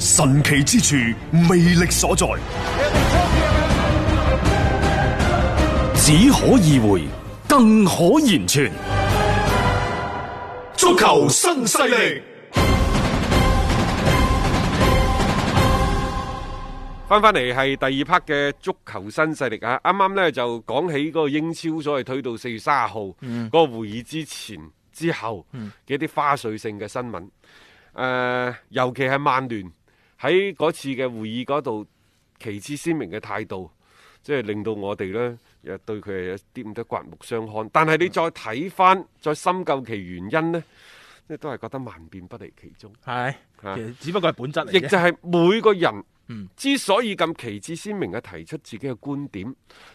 神奇之處，魅力所在，只可意會，更可言傳。足球新勢力，翻翻嚟係第二 part 嘅足球新勢力啊！啱啱呢就講起個英超，所謂推到四月三號，嗯，個會議之前之後，嘅一啲花絮性嘅新聞，誒、嗯，尤其係曼聯。喺嗰次嘅會議嗰度，旗幟鮮明嘅態度，即係令到我哋呢亦對佢係一啲咁多刮目相看。但係你再睇返，再深究其原因呢，即係都係覺得萬變不離其宗。係的，啊、其實只不過係本質嚟。亦就係每個人，之所以咁旗幟鮮明嘅提出自己嘅觀點，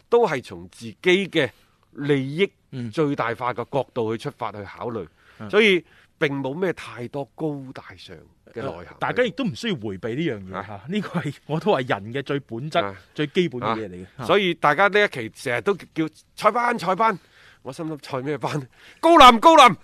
都係從自己嘅利益最大化嘅角度去出發去考慮，所以。並冇咩太多高大上嘅內涵，大家亦都唔需要迴避呢樣嘢嚇。呢個係我都係人嘅最本質、啊、最基本嘅嘢嚟嘅，啊啊、所以大家呢一期成日都叫賽班、賽班，我心諗賽咩班？高林、高林。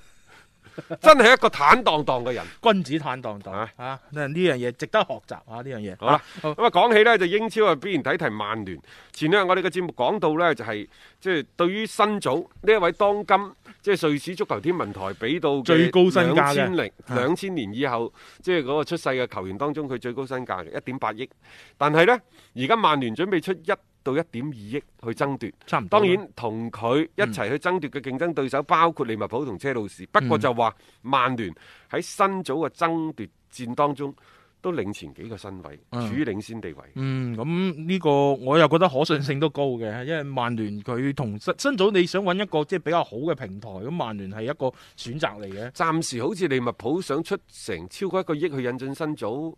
真係一個坦蕩蕩嘅人，君子坦蕩蕩啊！吓呢樣嘢值得學習啊！呢樣嘢好啦了，咁啊講起呢，就英超啊，必然睇提曼聯前兩日我哋嘅節目講到呢，就係即係對於新組呢一位當今即係、就是、瑞士足球天文台俾到 2000, 最高身價兩千年兩千年以後即係嗰個出世嘅球員當中佢最高身價係一點八億，但係呢，而家曼聯準備出一。1 到一點二億去爭奪，差多當然同佢一齊去爭奪嘅競爭對手、嗯、包括利物浦同車路士。不過就話曼聯喺新組嘅爭奪戰當中都領前幾個身位，處於、嗯、領先地位。嗯，咁呢個我又覺得可信性都高嘅，因為曼聯佢同新新組你想揾一個即係比較好嘅平台，咁曼聯係一個選擇嚟嘅。暫時好似利物浦想出成超過一個億去引進新組，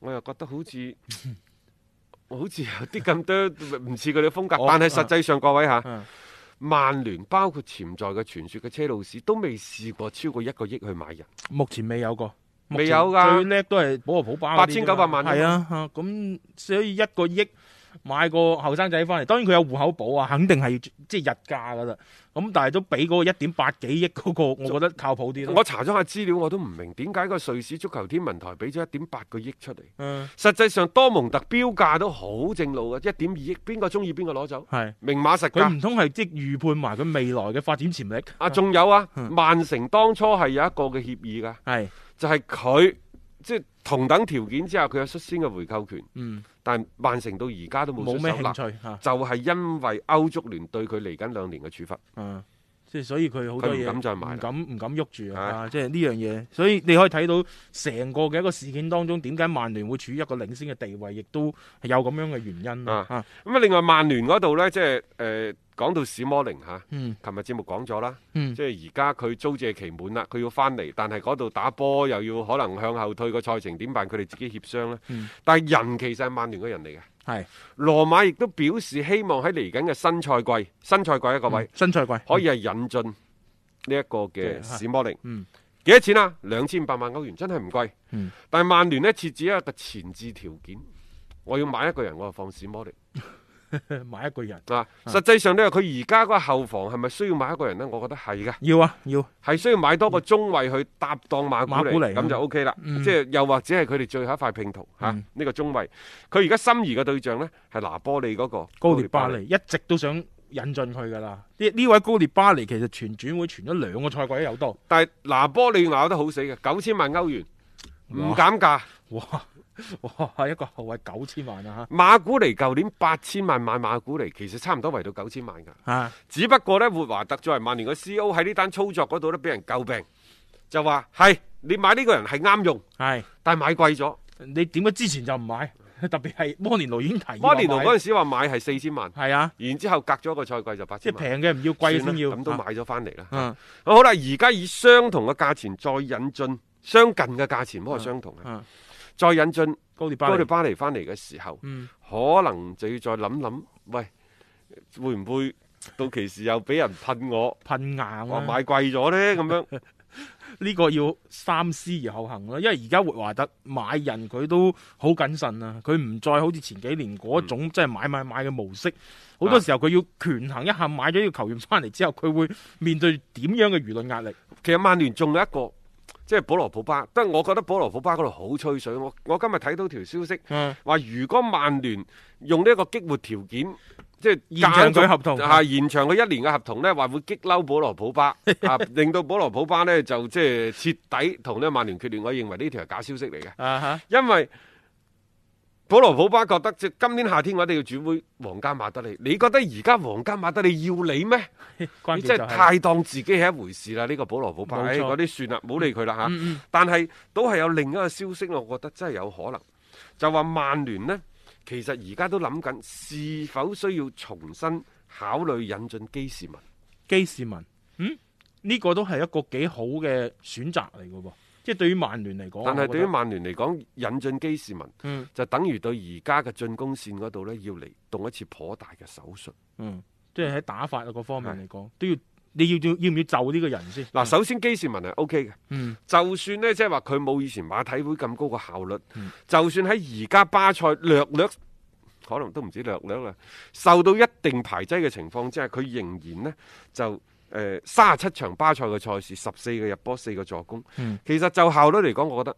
我又覺得好似。 好似有啲咁多唔似佢哋風格， 但係實際上我各位嚇，嗯、曼聯包括潛在嘅傳説嘅車路士都未試過超過一個億去買人。目前未有過，未有噶，最叻都係保羅普巴八千九百萬，係 8, 900, 啊咁、嗯嗯，所以一個億。買個後生仔翻嚟，當然佢有戶口簿啊，肯定係即係日價噶啦。咁但係都俾嗰個一點八幾億嗰個，我覺得靠譜啲咯。我查咗下資料，我都唔明點解個瑞士足球天文台俾咗一點八個億出嚟。嗯，實際上多蒙特標價都好正路嘅，一點二億，邊個中意邊個攞走？係是明碼實價，唔通係即係預判埋佢未來嘅發展潛力？啊，仲有啊，曼城、嗯、當初係有一個嘅協議噶，係是就係佢即係同等條件之下，佢有率先嘅回購權。嗯。嗯但曼城到而家都冇咩興趣，就係因為歐足聯對佢嚟緊兩年嘅處罰。嗯即係所以佢好多嘢唔敢唔敢喐住啊！即係呢樣嘢，所以你可以睇到成個嘅一個事件當中，點解曼聯會處於一個領先嘅地位，亦都有咁樣嘅原因啊！咁啊，嗯、另外曼聯嗰度咧，即係誒、呃、講到史摩寧嚇，琴、啊嗯、日節目講咗啦，即係而家佢租借期滿啦，佢要翻嚟，但係嗰度打波又要可能向後退，嗰個賽程點辦？佢哋自己協商啦。嗯、但係人其實係曼聯嘅人嚟嘅。係羅是馬亦都表示希望喺嚟緊嘅新賽季，新賽季啊，各位，嗯、新賽季可以係引進呢一個嘅史摩寧，嗯，幾、嗯、多錢啊？兩千八萬歐元，真係唔貴，嗯、但係曼聯呢，設置一個前置條件，我要買一個人，我就放史摩寧。 買一個人啊，實際上咧，佢而家嗰個後防係咪需要買一個人咧？我覺得係嘅，要啊，要係需要多買多個中衛去搭檔馬古尼，咁、啊、就 OK 啦。嗯、即係又或者係佢哋最後一塊拼圖吓，呢、啊嗯、個中衛。佢而家心儀嘅對象咧係拿波利嗰、那個高列巴尼一直都想引進佢噶啦。呢呢位高列巴尼其實全轉會傳咗兩個賽季有多，但係拿波利咬得好死嘅，九千萬歐元唔哇減價。哇哇哇！一個號位九千萬啊！馬古尼舊年八千萬買馬古尼，其實差唔多圍到九千萬噶。啊，只不過咧，活華特作為曼聯個 C.O. 喺呢單操作嗰度咧，俾人詬病，就話係你買呢個人係啱用係，是但係買貴咗。你點解之前就唔買？特別係摩連奴已經提摩連奴嗰陣時話買係四千萬係啊，然後之後隔咗個賽季就八千即係平嘅，唔要貴先要咁都買咗翻嚟啦。啊啊、好啦，而家以相同嘅價錢再引進相近嘅價錢，唔好話相同啊。啊再引進高利巴利翻嚟嘅時候，嗯、可能就要再諗諗，喂，會唔會到期時又俾人噴我噴硬，我買貴咗咧？咁樣呢 個要三思而後行咯。因為而家活華德買人佢都好謹慎啊，佢唔再好似前幾年嗰種即係、嗯、買買買嘅模式。好多時候佢要權衡一下，買咗呢個球員翻嚟之後，佢、啊、會面對點樣嘅輿論壓力？其實曼聯仲有一個。即係保羅普巴，但係我覺得保羅普巴嗰度好吹水。我我今日睇到條消息，話如果曼聯用呢一個激活條件，即係延長佢合同，係延長佢一年嘅合同呢，話會激嬲保羅普巴， 啊令到保羅普巴呢就即係徹底同呢曼聯決裂。我認為呢條係假消息嚟嘅，uh huh. 因為。保羅普巴覺得即今年夏天我哋要轉會皇家馬德里。你覺得而家皇家馬德里要你咩？ 關鍵 你真係太當自己係一回事啦！呢、這個保羅普巴，嗰啲錯、哎、算啦，唔好理佢啦吓。嗯嗯、但係都係有另一個消息我覺得真係有可能，就話曼聯呢，其實而家都諗緊是否需要重新考慮引進基士文。基士文，嗯，呢、這個都係一個幾好嘅選擇嚟噶噃。即係對於曼聯嚟講，但係對於曼聯嚟講，引進基士文、嗯、就等於對而家嘅進攻線嗰度咧，要嚟動一次頗大嘅手術。嗯，即係喺打法啊方面嚟講，的都要你要要要唔要遷就呢個人先？嗱、嗯，首先基士文係 O K 嘅。嗯，就算咧，即係話佢冇以前馬體會咁高個效率。嗯、就算喺而家巴塞略略，可能都唔止略略啦，受到一定排擠嘅情況之下，佢仍然咧就。誒，三十七場巴塞嘅賽事，十四個入波，四個助攻。嗯、其實就效率嚟講，我覺得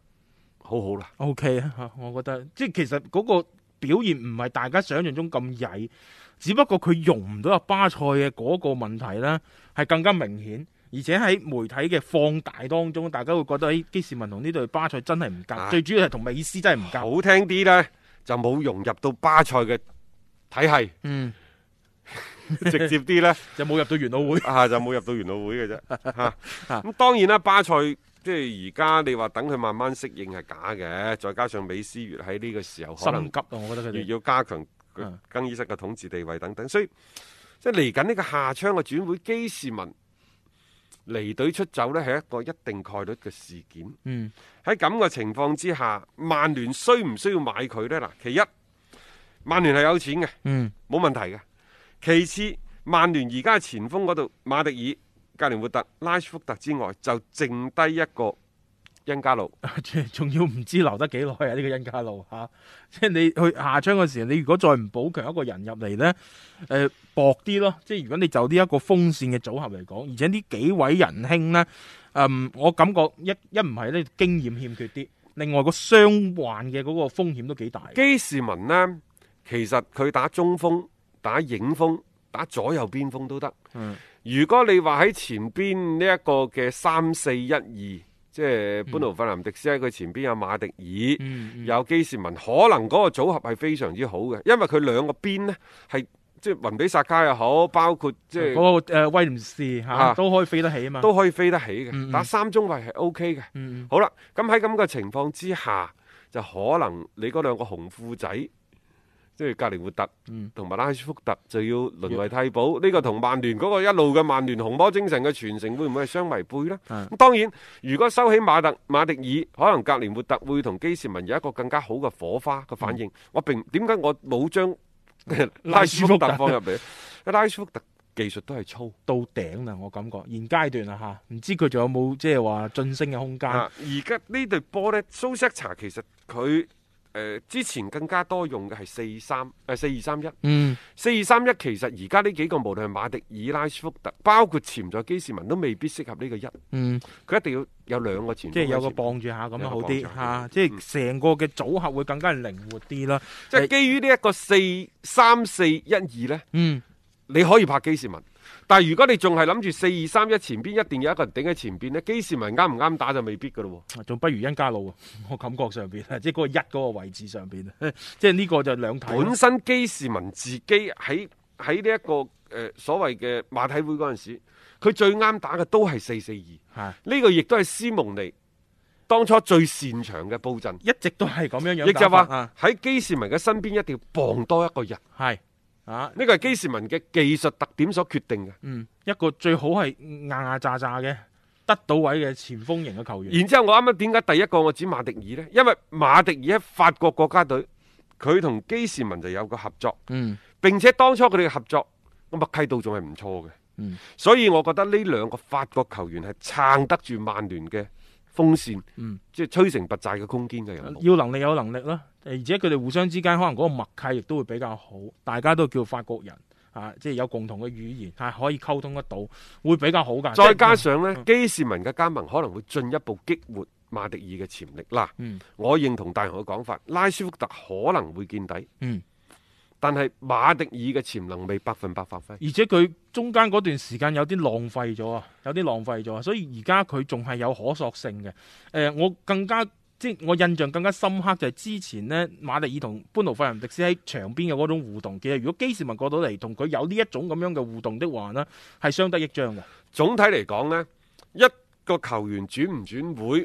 好好啦。O K 啊，我覺得即係其實嗰個表現唔係大家想象中咁曳，只不過佢融唔到入巴塞嘅嗰個問題咧，係更加明顯。而且喺媒體嘅放大當中，大家會覺得喺、欸、基士文同呢隊巴塞真係唔夾，啊、最主要係同美斯真係唔夾。好聽啲呢，就冇融入到巴塞嘅體系。嗯。 直接啲呢，就冇 入到元老會啊！就冇入到元老會嘅啫。咁，當然啦，巴塞即係而家，你話等佢慢慢適應係假嘅。再加上美斯越喺呢個時候，可能越要加強更衣室嘅統治地位等等。所以，即係嚟緊呢個下窗嘅轉會，基斯文離隊出走呢係一個一定概率嘅事件。嗯，喺咁嘅情況之下，曼聯需唔需要買佢呢？嗱，其一，曼聯係有錢嘅，冇、嗯、問題嘅。其次，曼聯而家前鋒嗰度馬迪爾、加連活特、拉舒福特之外，就剩低一個恩加路。仲要唔知留得幾耐啊？呢、這個恩加路吓，即、啊、係、就是、你去夏窗嘅時候，你如果再唔補強一個人入嚟呢，誒、呃，薄啲咯。即、就、係、是、如果你就呢一個鋒線嘅組合嚟講，而且呢幾位仁兄呢，嗯、呃，我感覺一一唔係咧經驗欠缺啲，另外個傷患嘅嗰個風險都幾大。基士文呢，其實佢打中鋒。打影鋒，打左右邊鋒都得。嗯、如果你話喺前邊呢一個嘅三四一二，即係班奴弗蘭迪斯喺佢、嗯、前邊有馬迪爾，嗯嗯、有基士文，可能嗰個組合係非常之好嘅，因為佢兩個邊呢，係即係雲比薩卡又好，包括即係嗰個威廉士吓，啊、都可以飛得起啊嘛，都可以飛得起嘅。打三中衛係 O K 嘅。嗯嗯、好啦，咁喺咁嘅情況之下，就可能你嗰兩個紅褲仔。即係格連活特同埋拉舒福特就要淪為替補，呢、嗯、個同曼聯嗰個一路嘅曼聯紅魔精神嘅傳承會唔會係相違背咧？咁、嗯、當然，如果收起馬特馬迪爾，可能格連活特會同基士文有一個更加好嘅火花嘅反應。嗯、我並點解我冇將 拉舒福特放入嚟？ 拉舒福特技術都係粗到頂啦，我感覺現階段有有、就是、啊吓，唔知佢仲有冇即係話晉升嘅空間。而家呢隊波呢，蘇塞查其實佢。誒、呃，之前更加多用嘅係四三誒四二三一，嗯，四二三一其實而家呢幾個無論係馬迪爾、拉斯福特，包括潛在基士文都未必適合呢個一，嗯，佢一定要有兩個潛在前，即係有個傍住下咁樣好啲吓，啊、即係成個嘅組合會更加靈活啲啦。即係基於呢一個四三四一二咧，嗯，你可以拍基士文。但係如果你仲係諗住四二三一，前邊一定有一個人頂喺前邊咧，基士文啱唔啱打就未必噶咯，仲不如恩加路，我感覺上邊，即係嗰個一嗰個位置上邊，即係呢個就兩頭。本身基士文自己喺喺呢一個誒、呃、所謂嘅馬體會嗰陣時，佢最啱打嘅都係四四二，呢個亦都係斯蒙尼當初最擅長嘅佈陣，一直都係咁樣樣。亦就話喺基士文嘅身邊一定要傍多一個人。係。啊！呢個係基士文嘅技術特點所決定嘅、嗯，一個最好係硬硬紮扎嘅，得到位嘅前鋒型嘅球員。然之後我啱啱點解第一個我指馬迪爾呢？因為馬迪爾喺法國國家隊，佢同基士文就有個合作，嗯、並且當初佢哋嘅合作咁啊，默契度仲係唔錯嘅。嗯、所以我覺得呢兩個法國球員係撐得住曼聯嘅。風扇，嗯，即係吹成拔寨嘅空間嘅人，要能力有能力啦，而且佢哋互相之間可能嗰個默契亦都會比較好，大家都叫法國人啊，即係有共同嘅語言啊，可以溝通得到，會比較好噶。即再加上呢，嗯、基士文嘅加盟可能會進一步激活馬迪爾嘅潛力。嗱，嗯、我認同大雄嘅講法，拉舒福特可能會見底。嗯但係馬迪爾嘅潛能未百分百發揮，而且佢中間嗰段時間有啲浪費咗啊，有啲浪費咗，所以而家佢仲係有可塑性嘅。誒、呃，我更加即我印象更加深刻就係之前呢馬迪爾同般奴費南迪斯喺場邊嘅嗰種互動。其實如果基士文過到嚟同佢有呢一種咁樣嘅互動的話呢係相得益彰嘅。總體嚟講呢，一個球員轉唔轉會，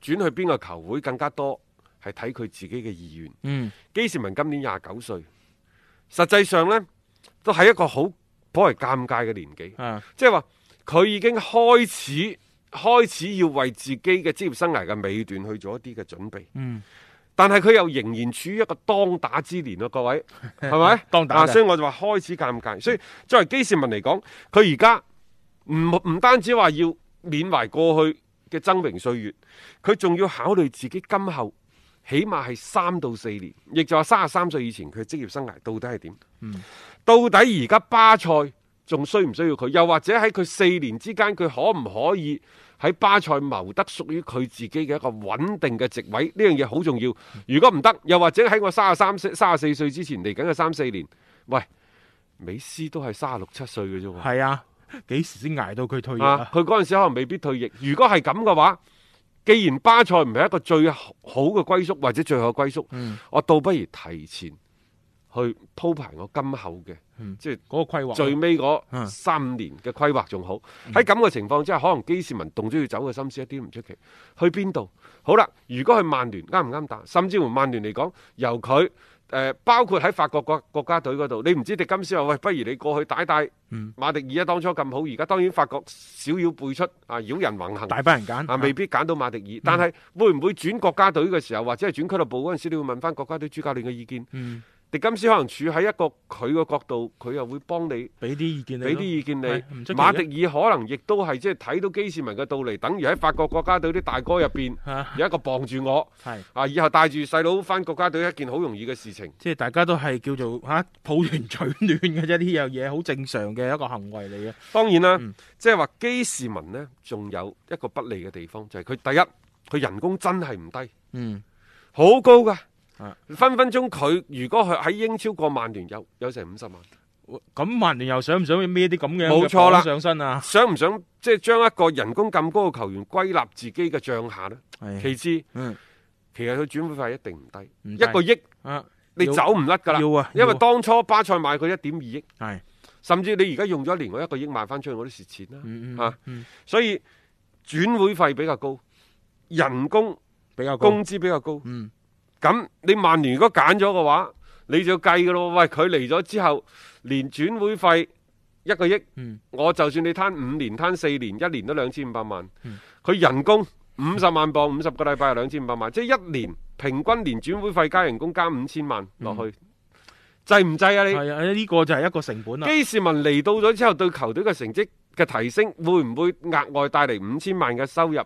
轉去邊個球會更加多係睇佢自己嘅意願。嗯，基士文今年廿九歲。實際上呢，都係一個好頗為尷尬嘅年紀，即係話佢已經開始開始要為自己嘅職業生涯嘅尾段去做一啲嘅準備。嗯，但係佢又仍然處於一個當打之年啊，各位係咪？ 吧 當打的、啊，所以我就話開始尷尬。所以作為基市文嚟講，佢而家唔唔單止話要緬懷過去嘅崢嶸歲月，佢仲要考慮自己今後。起碼係三到四年，亦就話三十三歲以前佢職業生涯到底係點？嗯，到底而家巴塞仲需唔需要佢？又或者喺佢四年之間，佢可唔可以喺巴塞謀得屬於佢自己嘅一個穩定嘅席位？呢樣嘢好重要。如果唔得，又或者喺我三十三歲、三十四歲之前嚟緊嘅三四年，喂，美斯都係三十六七歲嘅啫。喎，係啊，幾時先挨到佢退役啊？佢嗰陣時可能未必退役。如果係咁嘅話。既然巴塞唔係一個最好嘅歸宿，或者最後嘅歸宿，嗯、我倒不如提前去鋪排我今後嘅，即係嗰個規劃，最尾嗰三年嘅規劃仲好。喺咁嘅情況之下，可能基士文動咗要走嘅心思，一啲都唔出奇。去邊度？好啦，如果去曼聯，啱唔啱打？甚至乎曼聯嚟講，由佢。呃、包括喺法國國國家隊嗰度，你唔知迪金斯話喂，不如你過去帶帶馬迪爾啊，嗯、當初咁好，而家當然法國小妖輩出啊，妖人橫行，大把人揀啊，未必揀到馬迪爾。嗯、但係會唔會轉國家隊嘅時候，或者係轉俱樂部嗰陣時，你會問翻國家隊主教練嘅意見？嗯迪金斯可能處喺一個佢嘅角度，佢又會幫你俾啲意，意見你，俾啲意見你。馬迪爾可能亦都係即係睇到基士文嘅到嚟，等如喺法國國家隊啲大哥入邊，啊、有一個傍住我。係是啊，以後帶住細佬返國家隊一件好容易嘅事情。即係大家都係叫做嚇、啊、抱團取暖嘅啫，呢樣嘢好正常嘅一個行為嚟嘅。當然啦，嗯、即係話基士文呢，仲有一個不利嘅地方，就係、是、佢第一，佢人工真係唔低，嗯，好高噶。分分鐘佢如果佢喺英超過曼聯有有成五十萬，咁曼聯又想唔想要孭啲咁嘅冇錯啦上身啊？想唔想即係將一個人工咁高嘅球員歸納自己嘅帳下咧？其次，嗯，其實佢轉會費一定唔低，一個億，你走唔甩噶啦，因為當初巴塞買佢一點二億，係，甚至你而家用咗一年，我一個億賣翻出去我都蝕錢啦，吓，所以轉會費比較高，人工比較高，工資比較高，嗯。咁你曼聯如果揀咗嘅話，你就要計噶咯。喂，佢嚟咗之後，連轉會費一個億，我就算你攤五年攤四年，一年都兩千五百萬。佢人工五十萬磅，五十個禮拜兩千五百萬，即係一年平均連轉會費加人工加五千萬落去，制唔制啊？你係啊，呢個就係一個成本啦。基士文嚟到咗之後，對球隊嘅成績嘅提升，會唔會額外帶嚟五千萬嘅收入？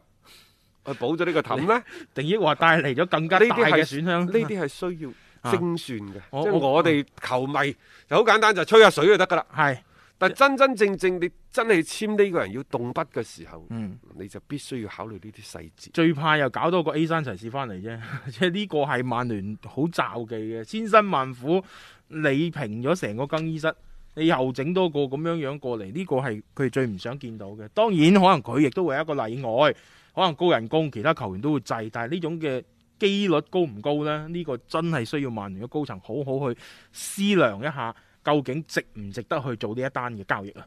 去補咗呢個氹咧，定抑或帶嚟咗更加大嘅選項？呢啲係需要精算嘅，啊哦、即係我哋球迷、啊、就好簡單，就吹下水就得噶啦。係、啊，但真真正正你真係簽呢個人要動筆嘅時候，嗯，你就必須要考慮呢啲細節。最怕又搞多個 A 三齊試翻嚟啫， 即係呢個係曼聯好罩忌嘅，千辛萬苦理平咗成個更衣室，你又整多個咁樣樣過嚟，呢、呢個係佢最唔想見到嘅。當然，可能佢亦都會有一個例外。可能高人工，其他球員都會制，但係呢種嘅機率高唔高呢？呢個真係需要曼聯嘅高層好好去思量一下，究竟值唔值得去做呢一單嘅交易啊！